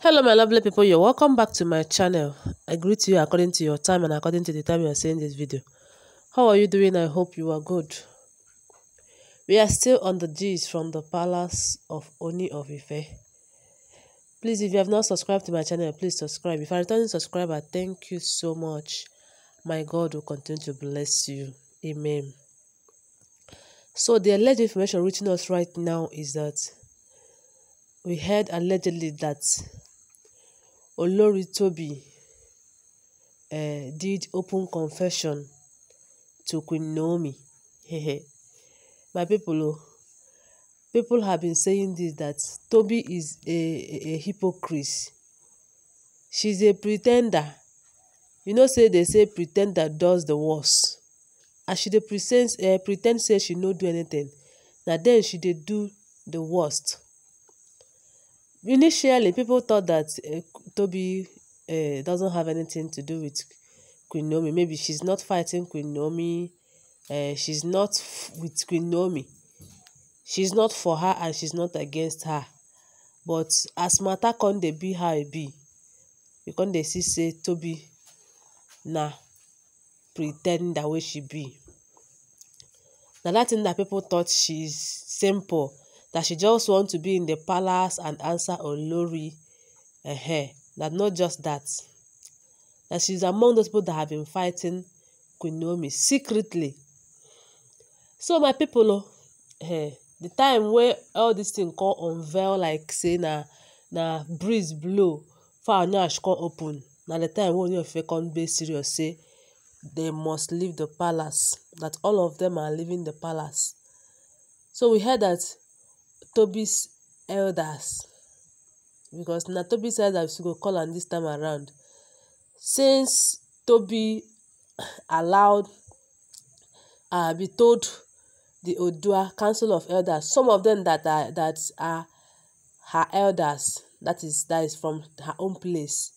hello my lovely people you're welcome back to my channel i greet you according to your time and according to the time you are seeing this video how are you doing i hope you are good we are still on the gist from the palace of oni of ife please if you have not subscribed to my channel please subscribe if you are subscriber thank you so much my god will continue to bless you amen so the alleged information reaching us right now is that we heard allegedly that Olori Toby uh, eh, did open confession to Queen Naomi. My people, oh, people have been saying this that Toby is a, a, a hypocrite. She's a pretender. You know, say they say pretender does the worst. As she dey pretend, uh, eh, pretend say she no do anything, na then she dey do the worst. Initially, people thought that uh, Toby uh, doesn't have anything to do with Queen Naomi. Maybe she's not fighting Queen Naomi. Uh, she's not with Queen Naomi. She's not for her and she's not against her. But as matter come, dey be how e be, you con dey see say Toby na pre-tender wey she be. Na that thing that people thought she's simple that she just want to be in the palace and answer Olori. Uh-huh. That not just that. That she's among those people that have been fighting Queen Naomi secretly. So my people, uh, the time where all this thing called unveil like say na na breeze blow far now she come open. Now the time when Onyofe come be serious say they must leave the palace. That all of them are leaving the palace. So we heard that Toby's elders because na Toby's elders we go call am this time around since Toby allowed uh, be told the Odua Council of Elders some of them that are that are her elders that is that is from her own place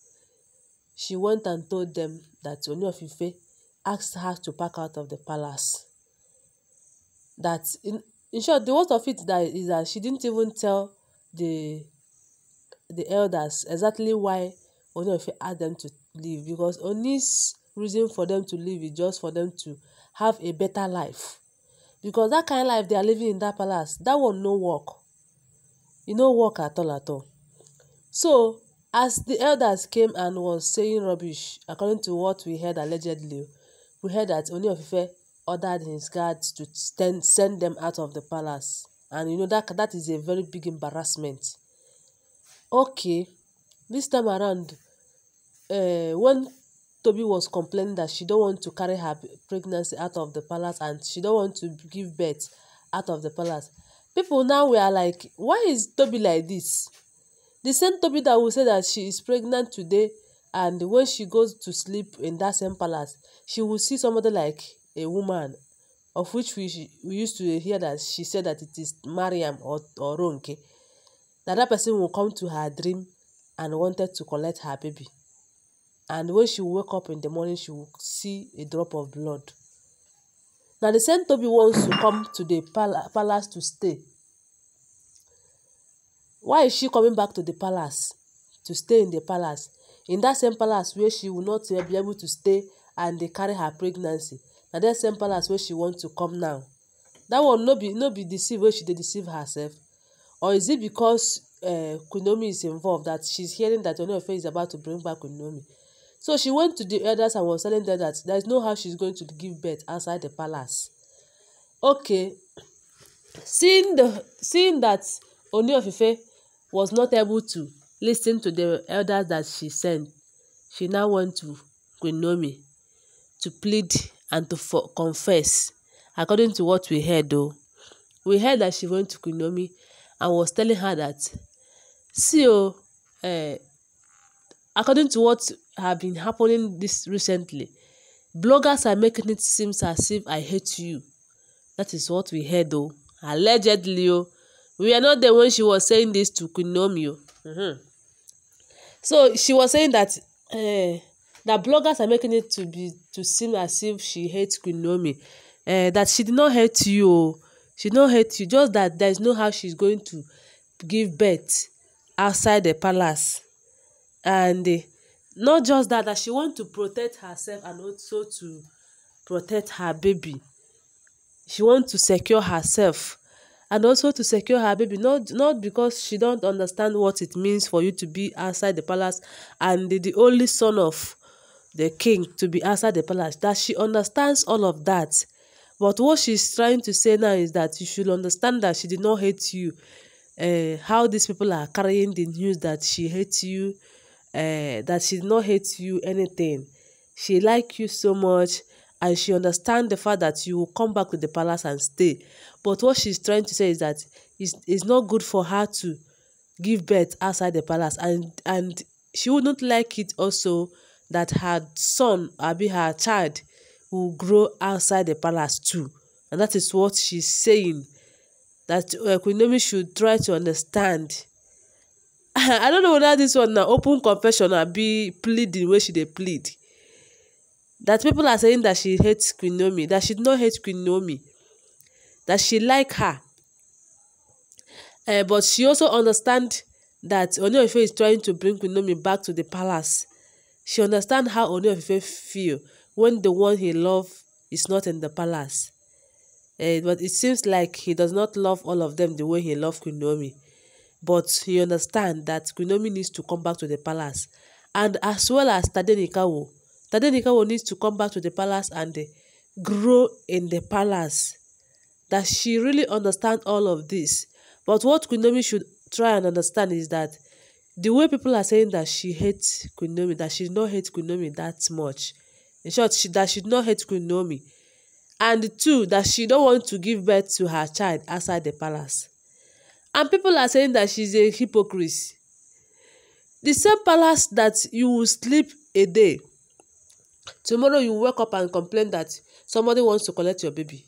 she went and told them that Ooni of Ife asked her to pack out of the palace that in In short, the worst of it that is that she didn't even tell the the elders exactly why Ooni had them to leave because Ooni's reason for them to leave is just for them to have a better life because that kind of life they are living in that palace that one no work e no work at all at all so as the elders came and was saying rubbish according to what we heard allegedly we heard that Ooni of Ife ordered his guards to stand, send them out of the palace. And you know, that, that is a very big embarrassment. Okay, this time around, uh, when Toby was complaining that she don't want to carry her pregnancy out of the palace and she don't want to give birth out of the palace, people now were like, why is Toby like this? The same Toby that will say that she is pregnant today and when she goes to sleep in that same palace, she will see somebody like a woman of which we, we used to hear that she said that it is Mariam or, or Ronke, that that person will come to her dream and wanted to collect her baby. And when she woke up in the morning, she will see a drop of blood. Now the Saint Toby wants to come to the pal- palace to stay. Why is she coming back to the palace? To stay in the palace. In that same palace where she will not be able to stay and they carry her pregnancy. na that same palace where she wants to come now that one no be no be deceived. Where she dey deceive herself or is it because uh, eh, kunomi is involved that she's hearing that onofe is about to bring back kunomi so she went to the elders and was telling them that there is no how she's going to give birth outside the palace okay seeing the seeing that oni of was not able to listen to the elders that she sent she now went to Kunomi to plead and to for, confess, according to what we heard. Though we heard that she went to Queen Naomi and was telling her that, see, oh, uh, according to what have been happening this recently, bloggers are making it seem as if I hate you. That is what we heard, though. Allegedly, oh, we are not there when she was saying this to Queen Oh. Mm-hmm. So she was saying that. eh. that bloggers are making it to be to seem as if she hates Queen Naomi. Uh, that she did not hate you. Oh. She did not hate you. Just that there is no how she's going to give birth outside the palace. And uh, not just that, that she wants to protect herself and also to protect her baby. She wants to secure herself and also to secure her baby not not because she don't understand what it means for you to be outside the palace and the, the only son of the king to be outside the palace, that she understands all of that. But what she's trying to say now is that you should understand that she did not hate you. Uh, how these people are carrying the news that she hates you, uh, that she did not hate you, anything. She like you so much and she understand the fact that you will come back to the palace and stay. But what she's trying to say is that it's, it's not good for her to give birth outside the palace and, and she would not like it also that her son, Abi, her child, will grow outside the palace too. And that is what she's saying, that uh, Queen Nomi should try to understand. I don't know whether this one now open confession or be pleading where she they plead. That people are saying that she hates Queen Nomi. that she not hate Queen Nomi. that she like her. Uh, but she also understand that Onyofe is trying to bring Queen Nomi back to the palace she understands how Ooni of feels when the one he loves is not in the palace. Uh, but it seems like he does not love all of them the way he loves Queen Naomi. But he understands that Queen Naomi needs to come back to the palace. And as well as Tadenikawo. Tadenikawo needs to come back to the palace and uh, grow in the palace. That she really understands all of this. But what Queen Naomi should try and understand is that the way people are saying that she hates Queen that she not hate Queen that much. In short, she, that she not hate Queen And two, that she don't want to give birth to her child outside the palace. And people are saying that she's a hypocrite. The same palace that you will sleep a day, tomorrow you wake up and complain that somebody wants to collect your baby.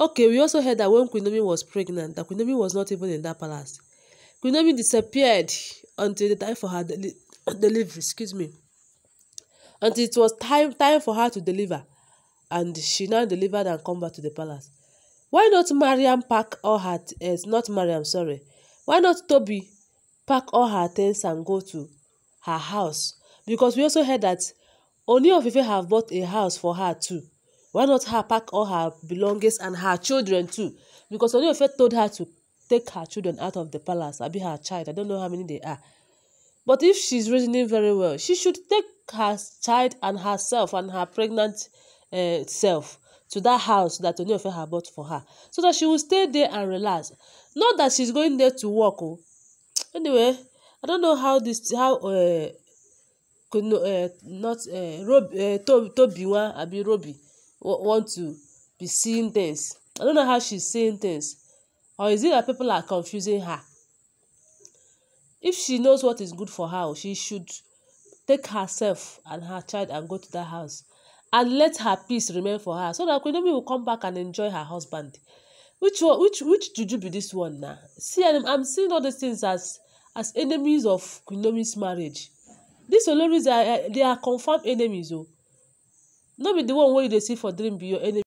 Okay, we also heard that when Queen was pregnant, that Queen was not even in that palace. Kunobi disappeared until the time for her deli delivery excuse me until it was time time for her to deliver and she now delivered and come back to the palace. Why not Mariam pack all her uh, not Mariam sorry why not Toby pack all her things and go to her house because we also heard that Ooni of Ife have bought a house for her too why not her pack all her belongings and her children too because Ooni of Ife told her to take her children out of the palace, I'll be her child. I don't know how many they are. But if she's reasoning very well, she should take her child and herself and her pregnant uh, self to that house that Oniofe had bought for her so that she will stay there and relax. Not that she's going there to work. Oh. Anyway, I don't know how this, how, uh, eh, could no, uh, eh, not, uh, Rob, uh, Tobiwa, Abi want to be seeing things. I don't know how she's seeing things. Or is it that people are confusing her? If she knows what is good for her, she should take herself and her child and go to that house and let her peace remain for her so that Kunomi will come back and enjoy her husband. Which one? which which juju be this one now? See, I'm, I'm seeing all these things as as enemies of Kunomi's marriage. These Oloris are they are confirmed enemies o. Oh. No be the one wey you dey see for dream be your enemy.